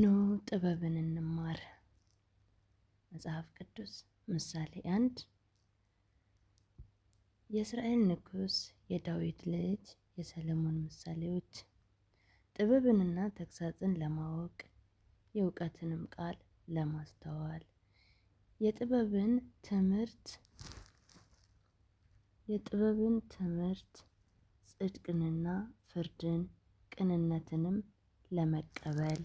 ኑ ጥበብን እንማር። መጽሐፍ ቅዱስ ምሳሌ አንድ የእስራኤል ንጉሥ የዳዊት ልጅ የሰለሞን ምሳሌዎች ጥበብንና ተግሳጽን ለማወቅ የእውቀትንም ቃል ለማስተዋል የጥበብን ትምህርት የጥበብን ትምህርት ጽድቅንና ፍርድን ቅንነትንም ለመቀበል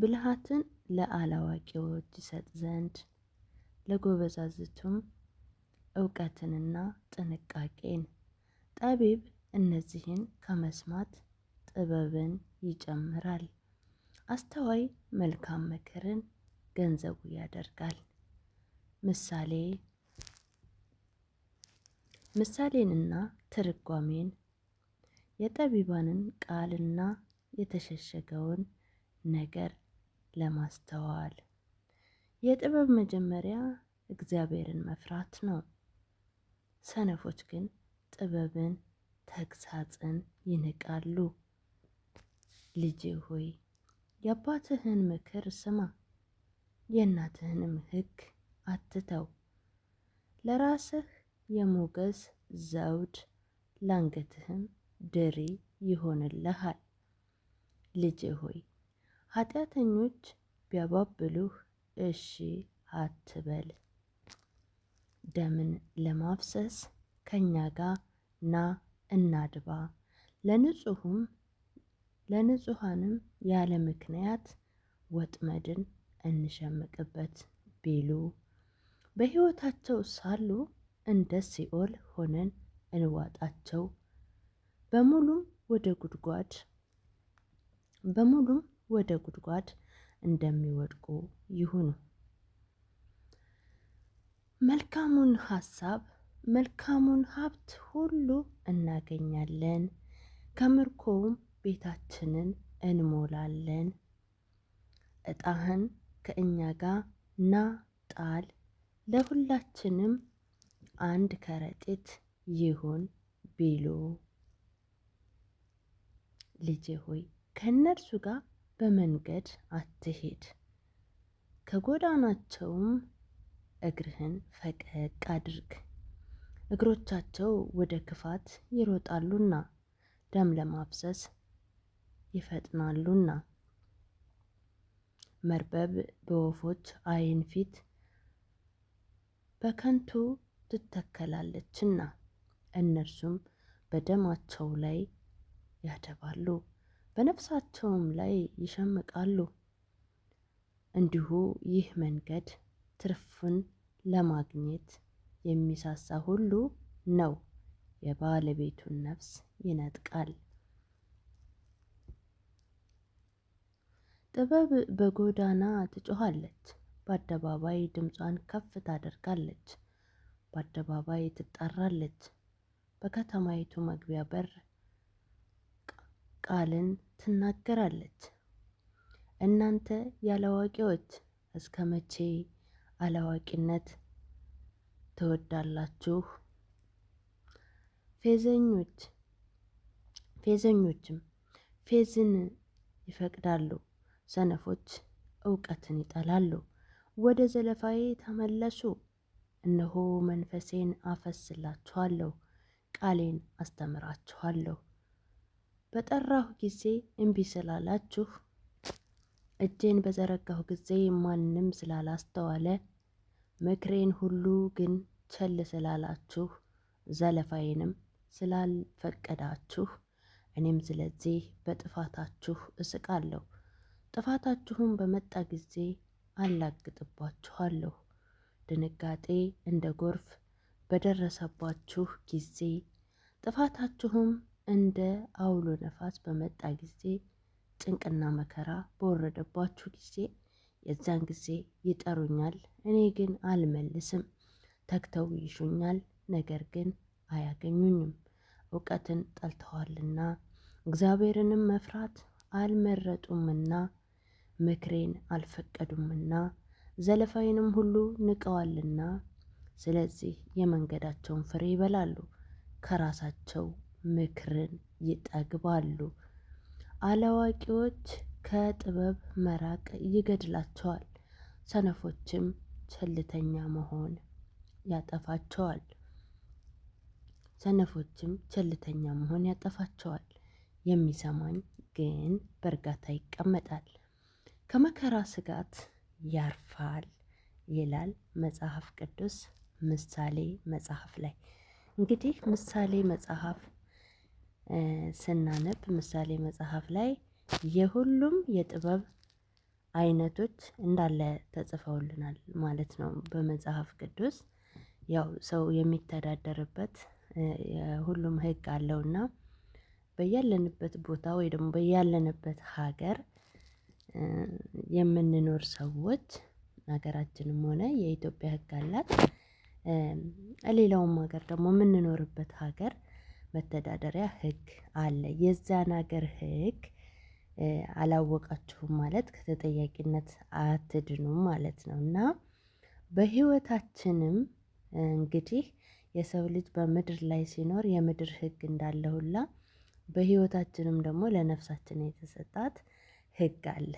ብልሃትን ለአላዋቂዎች ይሰጥ ዘንድ ለጎበዛዝቱም እውቀትንና ጥንቃቄን። ጠቢብ እነዚህን ከመስማት ጥበብን ይጨምራል። አስተዋይ መልካም ምክርን ገንዘቡ ያደርጋል። ምሳሌ ምሳሌንና ትርጓሜን የጠቢባንን ቃልና የተሸሸገውን ነገር ለማስተዋል የጥበብ መጀመሪያ እግዚአብሔርን መፍራት ነው። ሰነፎች ግን ጥበብን ተግሳጽን ይንቃሉ። ልጄ ሆይ የአባትህን ምክር ስማ፣ የእናትህንም ሕግ አትተው። ለራስህ የሞገስ ዘውድ ላንገትህም ድሪ ይሆንልሃል። ልጄ ሆይ ኃጢአተኞች ቢያባብሉህ እሺ አትበል። ደምን ለማፍሰስ ከእኛ ጋር ና እናድባ። ለንጹሁም ለንጹሐንም ያለ ምክንያት ወጥመድን እንሸምቅበት ቢሉ በሕይወታቸው ሳሉ እንደ ሲኦል ሆነን እንዋጣቸው። በሙሉም ወደ ጉድጓድ በሙሉም ወደ ጉድጓድ እንደሚወድቁ ይሁኑ። መልካሙን ሀሳብ መልካሙን ሀብት ሁሉ እናገኛለን፣ ከምርኮውም ቤታችንን እንሞላለን። እጣህን ከእኛ ጋር ና ጣል፣ ለሁላችንም አንድ ከረጢት ይሁን ቢሉ ልጄ ሆይ ከእነርሱ ጋር በመንገድ አትሄድ፣ ከጎዳናቸውም እግርህን ፈቀቅ አድርግ። እግሮቻቸው ወደ ክፋት ይሮጣሉና ደም ለማፍሰስ ይፈጥናሉና። መርበብ በወፎች አይን ፊት በከንቱ ትተከላለችና እነርሱም በደማቸው ላይ ያደባሉ። በነፍሳቸውም ላይ ይሸምቃሉ። እንዲሁ ይህ መንገድ ትርፍን ለማግኘት የሚሳሳ ሁሉ ነው፣ የባለቤቱን ነፍስ ይነጥቃል። ጥበብ በጎዳና ትጮኋለች፣ በአደባባይ ድምጿን ከፍ ታደርጋለች፣ በአደባባይ ትጣራለች፣ በከተማይቱ መግቢያ በር ቃልን ትናገራለች። እናንተ ያለዋቂዎች እስከ መቼ አላዋቂነት ትወዳላችሁ? ፌዘኞች ፌዘኞችም ፌዝን ይፈቅዳሉ፣ ሰነፎች እውቀትን ይጠላሉ። ወደ ዘለፋዬ ተመለሱ፣ እነሆ መንፈሴን አፈስላችኋለሁ፣ ቃሌን አስተምራችኋለሁ። በጠራሁ ጊዜ እምቢ ስላላችሁ፣ እጄን በዘረጋሁ ጊዜ ማንም ስላላስተዋለ፣ ምክሬን ሁሉ ግን ቸል ስላላችሁ፣ ዘለፋዬንም ስላልፈቀዳችሁ፣ እኔም ስለዚህ በጥፋታችሁ እስቃለሁ። ጥፋታችሁም በመጣ ጊዜ አላግጥባችኋለሁ። ድንጋጤ እንደ ጎርፍ በደረሰባችሁ ጊዜ ጥፋታችሁም እንደ አውሎ ነፋስ በመጣ ጊዜ ጭንቅና መከራ በወረደባችሁ ጊዜ የዛን ጊዜ ይጠሩኛል፣ እኔ ግን አልመልስም። ተግተው ይሹኛል፣ ነገር ግን አያገኙኝም። እውቀትን ጠልተዋልና እግዚአብሔርንም መፍራት አልመረጡምና ምክሬን አልፈቀዱምና ዘለፋዬንም ሁሉ ንቀዋልና። ስለዚህ የመንገዳቸውን ፍሬ ይበላሉ ከራሳቸው ምክርን ይጠግባሉ። አላዋቂዎች ከጥበብ መራቅ ይገድላቸዋል፣ ሰነፎችም ቸልተኛ መሆን ያጠፋቸዋል። ሰነፎችም ቸልተኛ መሆን ያጠፋቸዋል። የሚሰማኝ ግን በእርጋታ ይቀመጣል፣ ከመከራ ስጋት ያርፋል ይላል መጽሐፍ ቅዱስ ምሳሌ መጽሐፍ ላይ። እንግዲህ ምሳሌ መጽሐፍ ስናነብ ምሳሌ መጽሐፍ ላይ የሁሉም የጥበብ አይነቶች እንዳለ ተጽፈውልናል ማለት ነው። በመጽሐፍ ቅዱስ ያው ሰው የሚተዳደርበት ሁሉም ህግ አለውና በያለንበት ቦታ ወይ ደግሞ በያለንበት ሀገር የምንኖር ሰዎች ሀገራችንም ሆነ የኢትዮጵያ ህግ አላት። ሌላውም ሀገር ደግሞ የምንኖርበት ሀገር መተዳደሪያ ህግ አለ። የዛን ሀገር ህግ አላወቃችሁም ማለት ከተጠያቂነት አትድኑም ማለት ነው እና በህይወታችንም እንግዲህ የሰው ልጅ በምድር ላይ ሲኖር የምድር ህግ እንዳለ ሁላ በህይወታችንም ደግሞ ለነፍሳችን የተሰጣት ህግ አለ።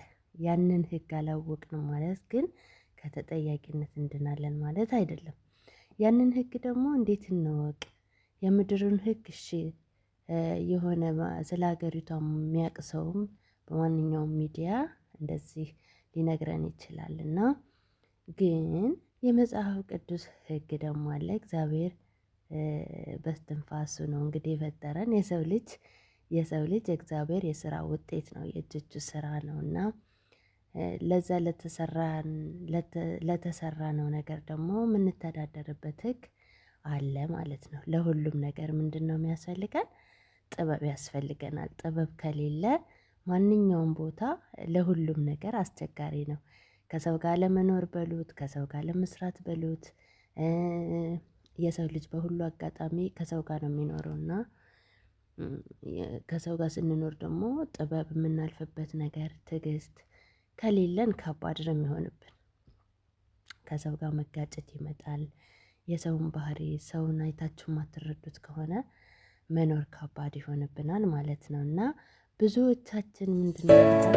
ያንን ህግ አላወቅንም ማለት ግን ከተጠያቂነት እንድናለን ማለት አይደለም። ያንን ህግ ደግሞ እንዴት እንወቅ? የምድርን ህግ እሺ የሆነ ስለ ሀገሪቷ የሚያውቅ ሰውም በማንኛውም ሚዲያ እንደዚህ ሊነግረን ይችላል። እና ግን የመጽሐፍ ቅዱስ ህግ ደግሞ አለ። እግዚአብሔር በስትንፋሱ ነው እንግዲህ የፈጠረን የሰው ልጅ የሰው ልጅ እግዚአብሔር የስራ ውጤት ነው፣ የእጆቹ ስራ ነው እና ለዛ ለተሰራ ነው ነገር ደግሞ የምንተዳደርበት ህግ አለ ማለት ነው። ለሁሉም ነገር ምንድን ነው የሚያስፈልገን? ጥበብ ያስፈልገናል። ጥበብ ከሌለ ማንኛውም ቦታ ለሁሉም ነገር አስቸጋሪ ነው። ከሰው ጋር ለመኖር በሉት፣ ከሰው ጋር ለመስራት በሉት፣ የሰው ልጅ በሁሉ አጋጣሚ ከሰው ጋር ነው የሚኖረው እና ከሰው ጋር ስንኖር ደግሞ ጥበብ የምናልፍበት ነገር ትዕግስት ከሌለን ከባድ ነው የሚሆንብን። ከሰው ጋር መጋጨት ይመጣል። የሰውን ባህሪ ሰውን አይታችሁ ማትረዱት ከሆነ መኖር ከባድ ይሆንብናል ማለት ነው እና ብዙዎቻችን ምንድነው